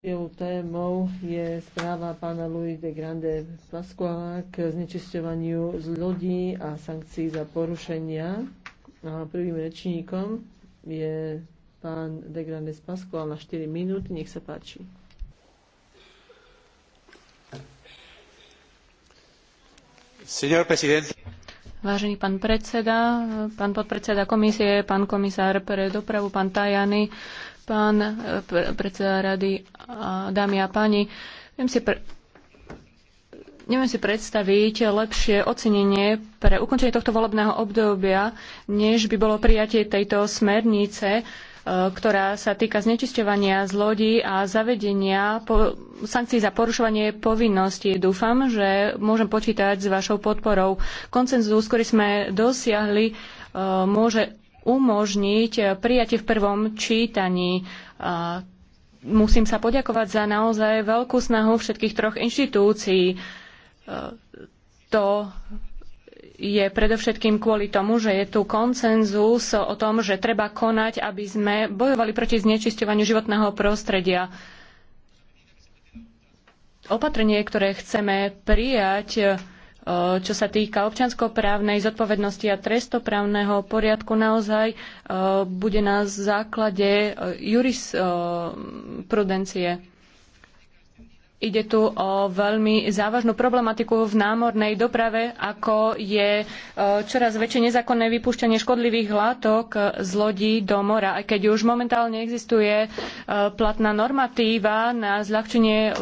Prvou témou je správa pána Louis de Grande Pasquala k znečisťovaniu z lodí a sankcií za porušenia. A prvým rečníkom je pán de Grande Pasqual na 4 minúty. Nech sa páči. Señor presidente. Vážený pán predseda, pán podpredseda komisie, pán komisár pre dopravu, pán Tajany, Pán eh, predseda rady, dámy a páni, viem si pre... Neviem si predstaviť lepšie ocenenie pre ukončenie tohto volebného obdobia, než by bolo prijatie tejto smernice, eh, ktorá sa týka znečisťovania z lodí a zavedenia sankcií za porušovanie povinností. Dúfam, že môžem počítať s vašou podporou. Koncenzus, ktorý sme dosiahli, eh, môže umožniť eh, prijatie v prvom čítaní. Musím sa poďakovať za naozaj veľkú snahu všetkých troch inštitúcií. Eh, to je predovšetkým kvôli tomu, že je tu koncenzus o tom, že treba konať, aby sme bojovali proti znečisťovaniu životného prostredia. Opatrenie, ktoré chceme prijať, eh, E, čo sa týka občanskoprávnej zodpovednosti a trestoprávneho poriadku, naozaj e, bude na základe e, jurisprudencie Ide tu o veľmi závažnú problematiku v námornej doprave, ako je e, čoraz väčšie nezákonné vypúšťanie škodlivých látok z lodí do mora. Aj keď už momentálne existuje e, platná normatíva na zľahčenie e,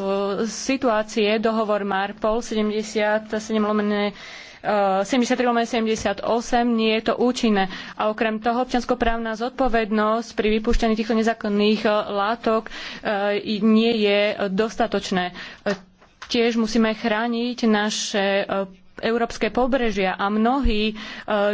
situácie, dohovor MARPOL 77 lomené 73-78 eh, nie je to účinné. A okrem toho občianskoprávna zodpovednosť pri vypúšťaní týchto nezákonných eh, látok eh, nie je dostatočné. Tiež musíme chrániť naše európske pobrežia a mnohí e,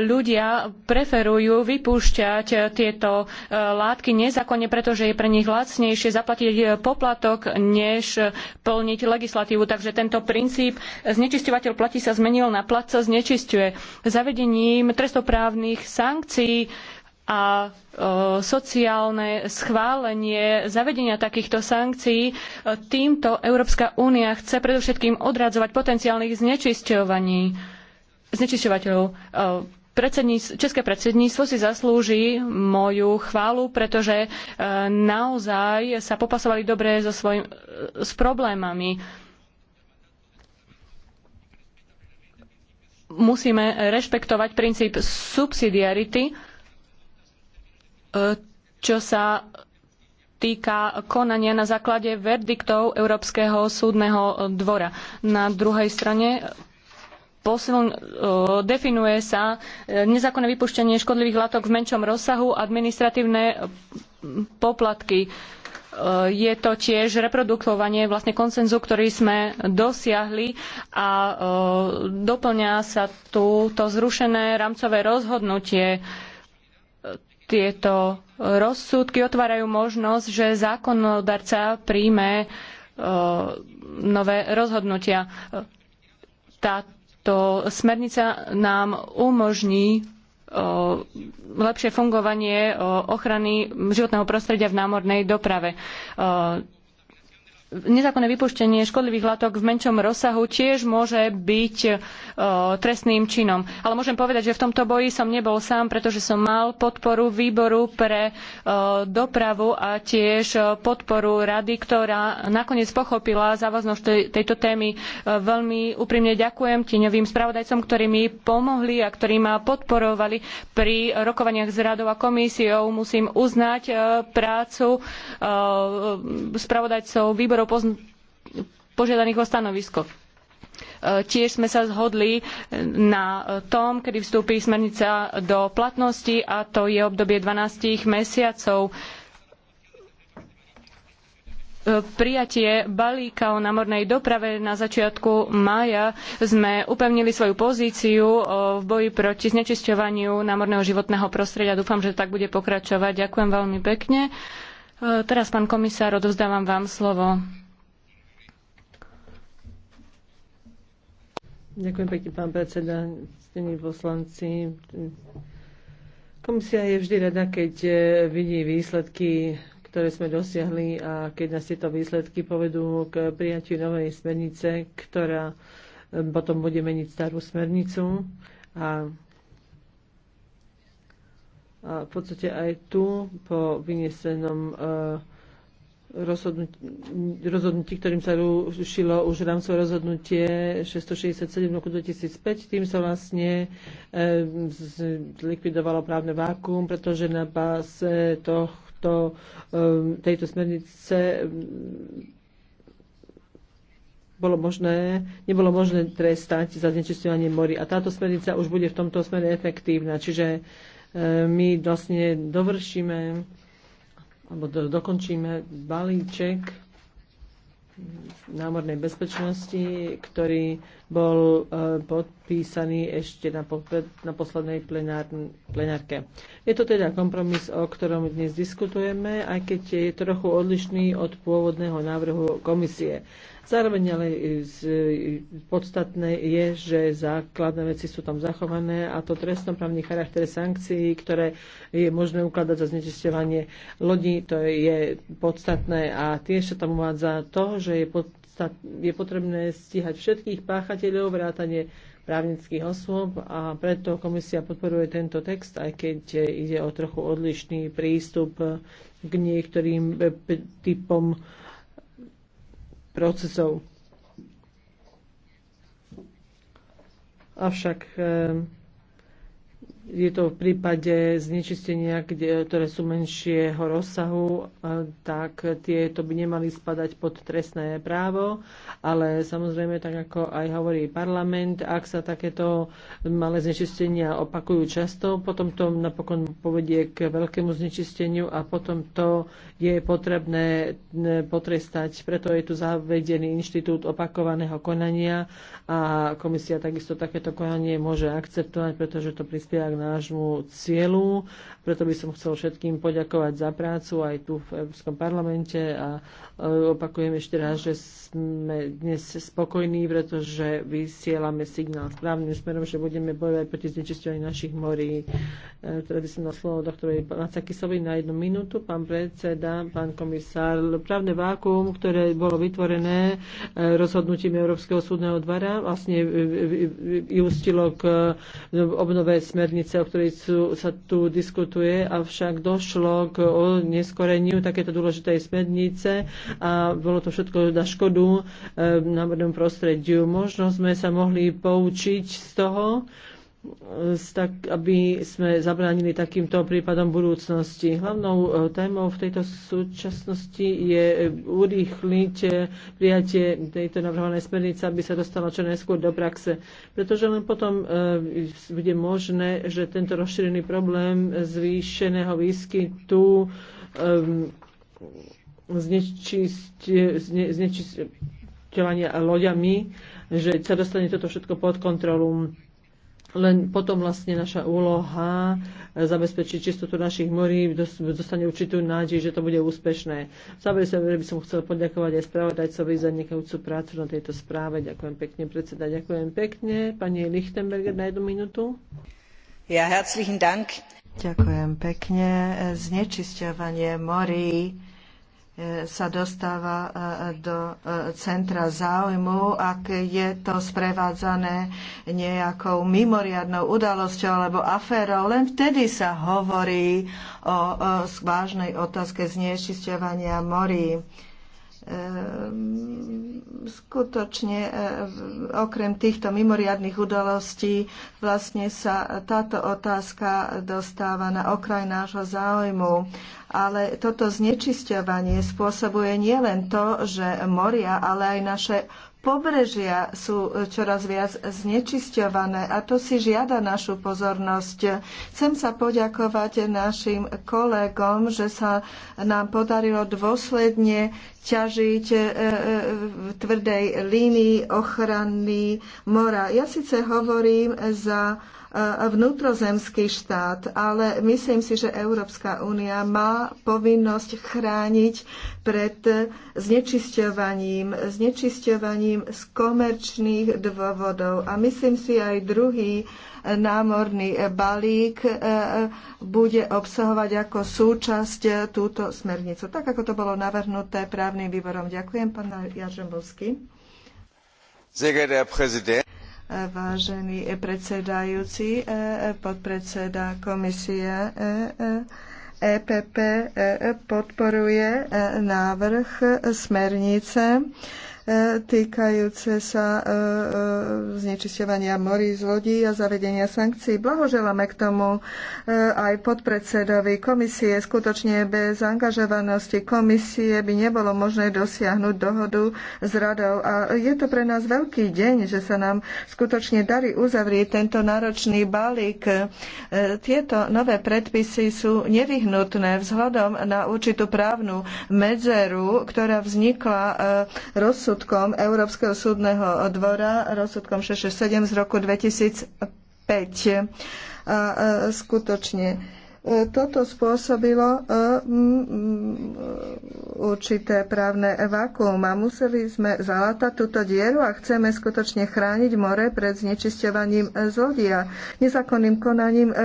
ľudia preferujú vypúšťať e, tieto e, látky nezákonne, pretože je pre nich lacnejšie zaplatiť poplatok, než plniť legislatívu. Takže tento princíp znečisťovateľ platí sa zmenil na platca znečisťuje. Zavedením trestoprávnych sankcií a e, sociálne schválenie zavedenia takýchto sankcií. E, týmto Európska únia chce predovšetkým odradzovať potenciálnych znečisťovateľov. E, české predsedníctvo si zaslúži moju chválu, pretože naozaj sa popasovali dobre so svojim, s problémami. Musíme rešpektovať princíp subsidiarity, čo sa týka konania na základe verdiktov Európskeho súdneho dvora. Na druhej strane posiln, e, definuje sa e, nezákonné vypuštenie škodlivých látok v menšom rozsahu, administratívne poplatky. E, je to tiež reprodukovanie vlastne konsenzu, ktorý sme dosiahli a doplňa sa tu to zrušené rámcové rozhodnutie tieto rozsudky otvárajú možnosť, že zákonodarca príjme e, nové rozhodnutia. Táto smernica nám umožní e, lepšie fungovanie e, ochrany životného prostredia v námornej doprave nezákonné vypuštenie škodlivých látok v menšom rozsahu tiež môže byť e, trestným činom. Ale môžem povedať, že v tomto boji som nebol sám, pretože som mal podporu výboru pre e, dopravu a tiež e, podporu rady, ktorá nakoniec pochopila závaznosť tej, tejto témy. E, veľmi úprimne ďakujem tieňovým spravodajcom, ktorí mi pomohli a ktorí ma podporovali pri rokovaniach s radou a komisiou. Musím uznať e, prácu e, spravodajcov výborov autorov požiadaných o stanovisko. E, tiež sme sa zhodli na tom, kedy vstúpi smernica do platnosti a to je obdobie 12 mesiacov. E, prijatie balíka o námornej doprave na začiatku mája sme upevnili svoju pozíciu e, v boji proti znečisťovaniu námorného životného prostredia. Dúfam, že tak bude pokračovať. Ďakujem veľmi pekne. E, teraz, pán komisár, odovzdávam vám slovo. Ďakujem pekne, pán predseda, stení poslanci. Komisia je vždy rada, keď e, vidí výsledky, ktoré sme dosiahli a keď nás tieto výsledky povedú k prijatiu novej smernice, ktorá e, potom bude meniť starú smernicu. A a v podstate aj tu po vynesenom e, rozhodnutí, rozhodnutí, ktorým sa rušilo už rámcové rozhodnutie 667 roku 2005. Tým sa vlastne e, zlikvidovalo právne vákuum, pretože na báze tohto, e, tejto smernice bolo možné, nebolo možné trestať za znečistovanie mori. A táto smernica už bude v tomto smere efektívna. Čiže E, my vlastne dovršíme alebo do, dokončíme balíček námornej bezpečnosti, ktorý bol e, podpísaný ešte na, na poslednej plenár, plenárke. Je to teda kompromis, o ktorom dnes diskutujeme, aj keď je trochu odlišný od pôvodného návrhu komisie. Zároveň ale podstatné je, že základné veci sú tam zachované a to trestnoprávny charakter sankcií, ktoré je možné ukladať za znečisťovanie lodí, to je podstatné a tiež sa tam uvádza to, že je, podstat, je potrebné stíhať všetkých páchateľov, vrátanie právnických osôb a preto komisia podporuje tento text, aj keď ide o trochu odlišný prístup k niektorým typom procesov. Avšak eh, je to v prípade znečistenia, kde, ktoré sú menšieho rozsahu, e, tak tieto by nemali spadať pod trestné právo, ale samozrejme, tak ako aj hovorí parlament, ak sa takéto malé znečistenia opakujú často, potom to napokon povedie k veľkému znečisteniu a potom to je potrebné e, potrestať. Preto je tu zavedený inštitút opakovaného konania a komisia takisto takéto konanie môže akceptovať, pretože to prispieva k nášmu cieľu. Preto by som chcel všetkým poďakovať za prácu aj tu v Európskom parlamente a e, opakujem ešte raz, že sme dnes spokojní, pretože vysielame signál správnym smerom, že budeme bojovať proti znečisťovaní našich morí. Teda by som na slovo doktorovi Macakisovi na jednu minútu. Pán predseda, pán komisár, právne vákuum, ktoré bolo vytvorené e, rozhodnutím Európskeho súdneho dvara, vlastne vyústilo k obnove smerní smernice, o ktorej sú, sa tu diskutuje, avšak došlo k neskoreniu takéto dôležitej smernice a bolo to všetko na škodu e, eh, národnom prostrediu. Možno sme sa mohli poučiť z toho, tak, aby sme zabránili takýmto prípadom budúcnosti. Hlavnou e, témou v tejto súčasnosti je e, urýchliť e, prijatie tejto navrhovanej smernice, aby sa dostala čo najskôr do praxe. Pretože len potom bude možné, že tento rozšírený problém zvýšeného výskytu znečisťovania loďami, že sa dostane toto všetko pod kontrolu len potom vlastne naša úloha e, zabezpečiť čistotu našich morí dostane určitú nádej, že to bude úspešné. sa, že by som chcel poďakovať aj spravodajcovi za nekajúcu prácu na tejto správe. Ďakujem pekne, predseda. Ďakujem pekne. Pani Lichtenberger na jednu minútu. Ja, herzlichen Dank. Ďakujem pekne. Znečisťovanie morí sa dostáva e, do e, centra záujmu, ak je to sprevádzané nejakou mimoriadnou udalosťou alebo aférou. Len vtedy sa hovorí o vážnej otázke znečisťovania morí ehm, skutočne e, okrem týchto mimoriadných udalostí vlastne sa táto otázka dostáva na okraj nášho záujmu ale toto znečisťovanie spôsobuje nielen to, že moria, ale aj naše pobrežia sú čoraz viac znečisťované a to si žiada našu pozornosť. Chcem sa poďakovať našim kolegom, že sa nám podarilo dôsledne ťažiť e, e, tvrdej línii ochrany mora. Ja síce hovorím za e, vnútrozemský štát, ale myslím si, že Európska únia má povinnosť chrániť pred znečisťovaním, znečisťovaním z komerčných dôvodov. A myslím si aj druhý námorný balík e, bude obsahovať ako súčasť túto smernicu, tak ako to bolo navrhnuté právnym výborom. Ďakujem, pán Jaržembovský. Vážený predsedajúci, e, podpredseda komisie EPP e, podporuje návrh smernice týkajúce sa e, e, znečisťovania morí z lodí a zavedenia sankcií. Blahoželáme k tomu e, aj podpredsedovi komisie. Skutočne bez angažovanosti komisie by nebolo možné dosiahnuť dohodu s radou. A je to pre nás veľký deň, že sa nám skutočne darí uzavrieť tento náročný balík. Tieto nové predpisy sú nevyhnutné vzhľadom na určitú právnu medzeru, ktorá vznikla rozsudkom rozsudkom Európskeho súdneho dvora, rozsudkom 667 z roku 2005. A skutočne toto spôsobilo e, mm, mm, určité právne vakuum a museli sme zalatať túto dieru a chceme skutočne chrániť more pred znečisťovaním e, zodia, nezákonným konaním e,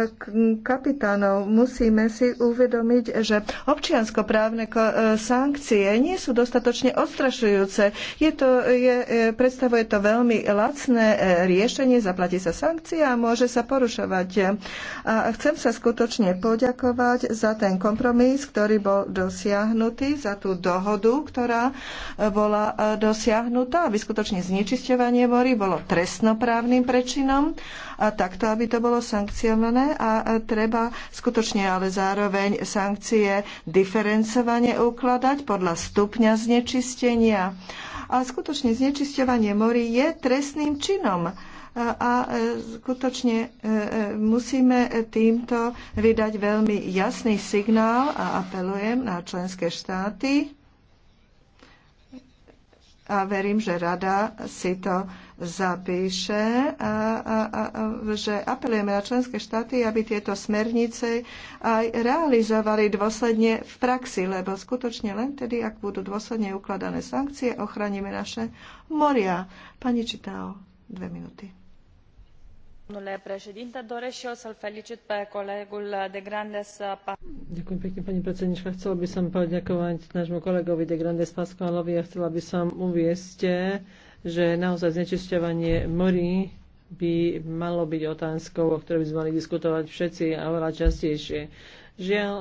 kapitánov. Musíme si uvedomiť, že občianskoprávne sankcie nie sú dostatočne odstrašujúce. Je to, je, predstavuje to veľmi lacné riešenie, zaplatí sa sankcia a môže sa porušovať. A chcem sa skutočne po poďakovať za ten kompromis, ktorý bol dosiahnutý, za tú dohodu, ktorá e, bola e, dosiahnutá, aby skutočne znečisťovanie morí bolo trestnoprávnym prečinom a takto, aby to bolo sankcionované a e, treba skutočne ale zároveň sankcie diferencovane ukladať podľa stupňa znečistenia. A skutočne znečisťovanie morí je trestným činom a skutočne e, e, musíme týmto vydať veľmi jasný signál a apelujem na členské štáty a verím, že rada si to zapíše, a, a, a, že apelujeme na členské štáty, aby tieto smernice aj realizovali dôsledne v praxi, lebo skutočne len tedy, ak budú dôsledne ukladané sankcie, ochránime naše moria. Pani Čitao, dve minúty doresc eu să l felicit pe colegul de grandes uh, Ďakujem pekne, pani predsednička. Chcela by som poďakovať nášmu kolegovi de Grandes Pascualovi a chcela by som uviesť, že naozaj znečisťovanie morí by malo byť otázkou, o ktorej by sme mali diskutovať všetci a oveľa častejšie. Žiaľ,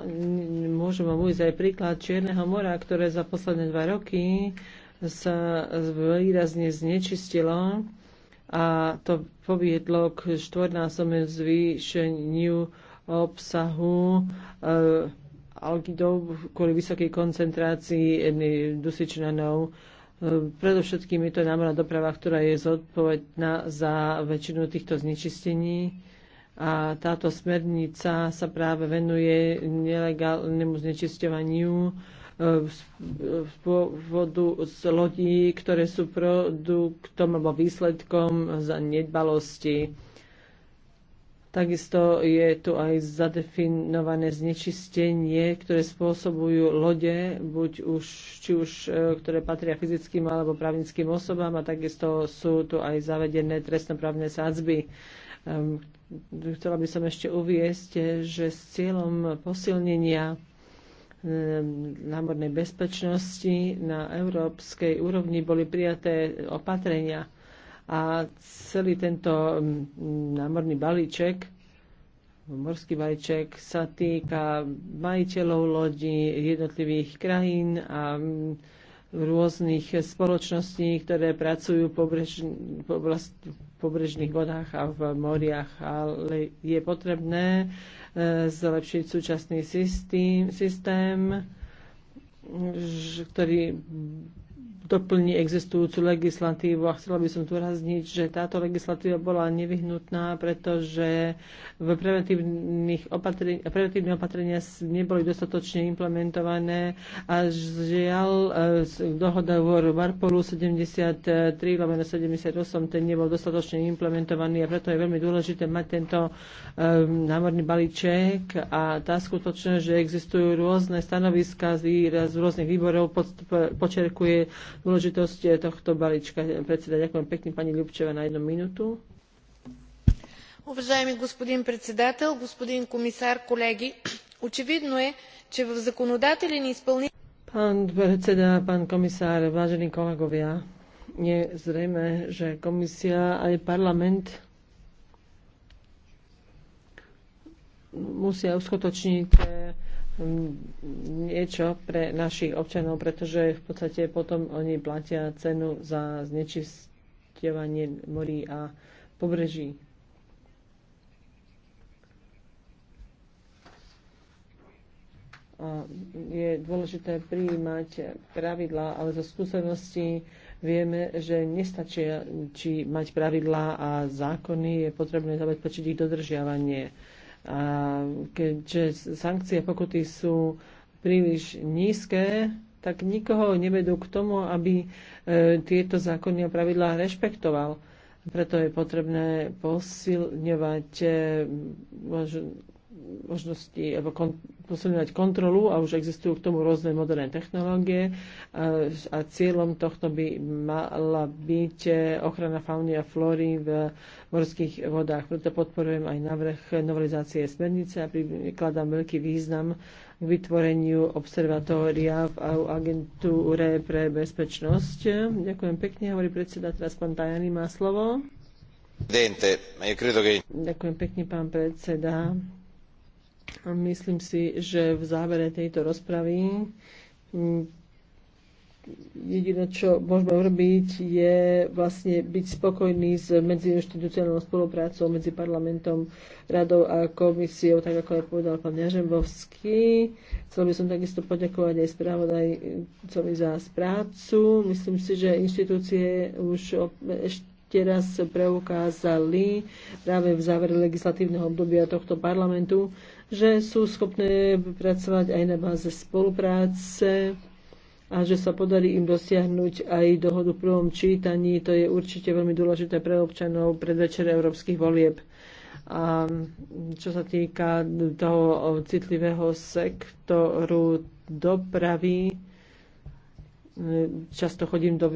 môžem vám uvieť aj príklad Čierneho mora, ktoré za posledné dva roky sa výrazne znečistilo a to poviedlo k štvornásobnému zvýšeniu obsahu e, algidov kvôli vysokej koncentrácii dusičnanov. Eh, predovšetkým je to námorná doprava, ktorá je zodpovedná za väčšinu týchto znečistení a táto smernica sa práve venuje nelegálnemu znečisťovaniu z pôvodu z lodí, ktoré sú produktom alebo výsledkom za nedbalosti. Takisto je tu aj zadefinované znečistenie, ktoré spôsobujú lode, buď už, či už, e, ktoré patria fyzickým alebo právnickým osobám a takisto sú tu aj zavedené trestnoprávne sádzby. Ehm, chcela by som ešte uviesť, e, že s cieľom posilnenia Eh, námornej bezpečnosti na európskej úrovni boli prijaté opatrenia a celý tento mm, námorný balíček morský balíček sa týka majiteľov lodí jednotlivých krajín a mm, rôznych spoločností, ktoré pracujú v pobrež, poblast, pobrežných vodách a v moriach, ale je potrebné e, zlepšiť súčasný systém, systém ktorý doplní existujúcu legislatívu a chcela by som zdôrazniť, že táto legislatíva bola nevyhnutná, pretože v preventívnych opatrení, preventívne opatrenia neboli dostatočne implementované a žiaľ e, dohoda v Marpolu 73 78 ten nebol dostatočne implementovaný a preto je veľmi dôležité mať tento e, námorný balíček a tá skutočnosť, že existujú rôzne stanoviska z, z rôznych výborov počerkuje dôležitosť tohto balíčka. Predseda, ďakujem pekne pani Ľubčeva na jednu minútu. Уважаеми господин председател, господин комисар, колеги, очевидно е, че в законодателен изпълнител... Pán predseda, pán komisár, vážení kolegovia, je zrejme, že komisia aj parlament musia uskutočniť Um, niečo pre našich občanov, pretože v podstate potom oni platia cenu za znečisťovanie morí a pobreží. A je dôležité prijímať pravidlá, ale zo skúsenosti vieme, že nestačí či mať pravidlá a zákony, je potrebné zabezpečiť ich dodržiavanie keďže sankcie pokuty sú príliš nízke, tak nikoho nevedú k tomu, aby e, tieto zákony a pravidlá rešpektoval. Preto je potrebné posilňovať e, možnosti alebo posilňovať kontrolu a už existujú k tomu rôzne moderné technológie a, a cieľom tohto by mala byť ochrana fauny a flóry v morských vodách. Preto podporujem aj návrh novelizácie smernice a prikladám veľký význam k vytvoreniu observatória v agentúre pre bezpečnosť. Ďakujem pekne, hovorí predseda, teraz pán Tajani má slovo. Ďakujem pekne, pán predseda. A Myslím si, že v závere tejto rozpravy mm, jediné, čo môžeme urobiť, je vlastne byť spokojný s medziinstitucionálnou spoluprácou medzi parlamentom, radou a komisiou, tak ako aj povedal pán Jažembovský. Chcel by som takisto poďakovať aj správodajcovi za prácu. Myslím si, že inštitúcie už ešte raz preukázali práve v závere legislatívneho obdobia tohto parlamentu, že sú schopné pracovať aj na báze spolupráce a že sa podarí im dosiahnuť aj dohodu v prvom čítaní. To je určite veľmi dôležité pre občanov pred večer európskych volieb. A čo sa týka toho citlivého sektoru dopravy, E, často chodím do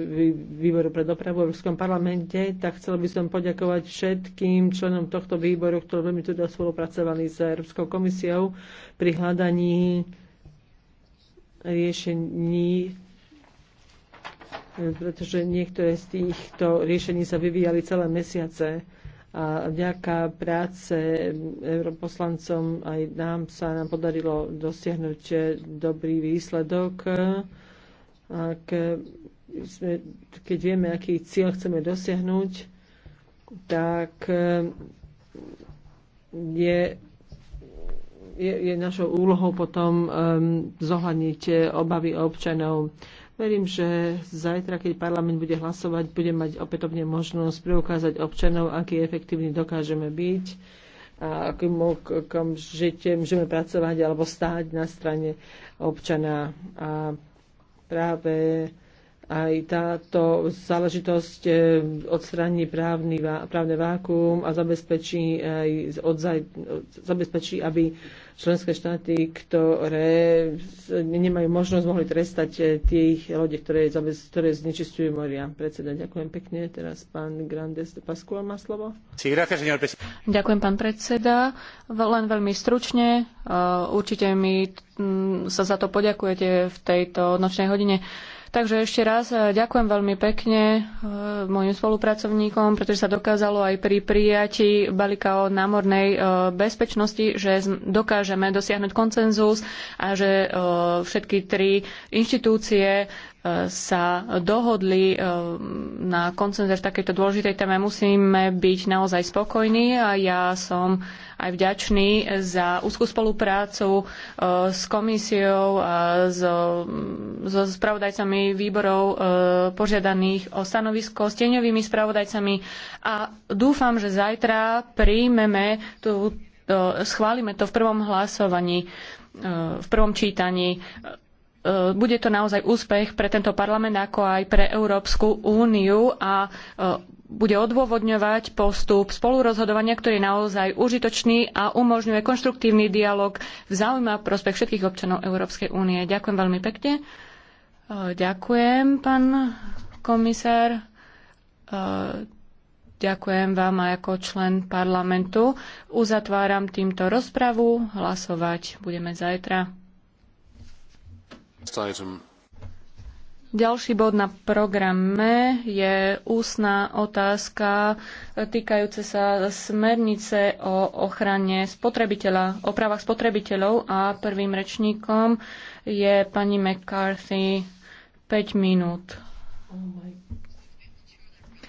výboru pre dopravu v Európskom parlamente, tak chcel by som poďakovať všetkým členom tohto výboru, ktorí veľmi tu spolupracovali s Európskou komisiou pri hľadaní riešení e, pretože niektoré z týchto riešení sa vyvíjali celé mesiace a vďaka práce europoslancom aj nám sa nám podarilo dosiahnuť dobrý výsledok ak sme, keď vieme, aký cieľ chceme dosiahnuť, tak e, je, je, je našou úlohou potom um, zohľadniť obavy občanov. Verím, že zajtra, keď parlament bude hlasovať, bude mať opätovne možnosť preukázať občanov, aký efektívny dokážeme byť a akým okamžite môžeme pracovať alebo stáť na strane občana. A práve aj táto záležitosť e, odstraní právny, právne vákuum a zabezpečí, aj odzaj, zabezpečí, aby členské štáty, ktoré nemajú možnosť, mohli trestať e, tých lode, ktoré, ktoré znečistujú moria. Predseda, ďakujem pekne. Teraz pán Grandes de Pascual má slovo. Ďakujem, pán predseda. Len veľmi stručne. E, určite mi sa za to poďakujete v tejto nočnej hodine. Takže ešte raz e, ďakujem veľmi pekne e, mojim spolupracovníkom, pretože sa dokázalo aj pri prijatí balíka o námornej e, bezpečnosti, že dokážeme dosiahnuť konsenzus a že všetky tri inštitúcie sa dohodli eh, na koncenzer v takejto dôležitej téme, musíme byť naozaj spokojní a ja som aj vďačný za úzkú spoluprácu eh, s komisiou a so, so spravodajcami výborov eh, požiadaných o stanovisko, s tieňovými spravodajcami a dúfam, že zajtra príjmeme tú schválime to v prvom hlasovaní, v prvom čítaní. E, bude to naozaj úspech pre tento parlament, ako aj pre Európsku úniu a e, bude odôvodňovať postup spolurozhodovania, ktorý je naozaj užitočný a umožňuje konštruktívny dialog v záujme a prospech všetkých občanov Európskej únie. Ďakujem veľmi pekne. E, ďakujem, pán komisár. Ďakujem vám aj ako člen parlamentu. Uzatváram týmto rozpravu. Hlasovať budeme zajtra. Ďalší bod na programe je ústna otázka týkajúce sa smernice o ochrane spotrebiteľa, o právach spotrebiteľov a prvým rečníkom je pani McCarthy 5 minút. Oh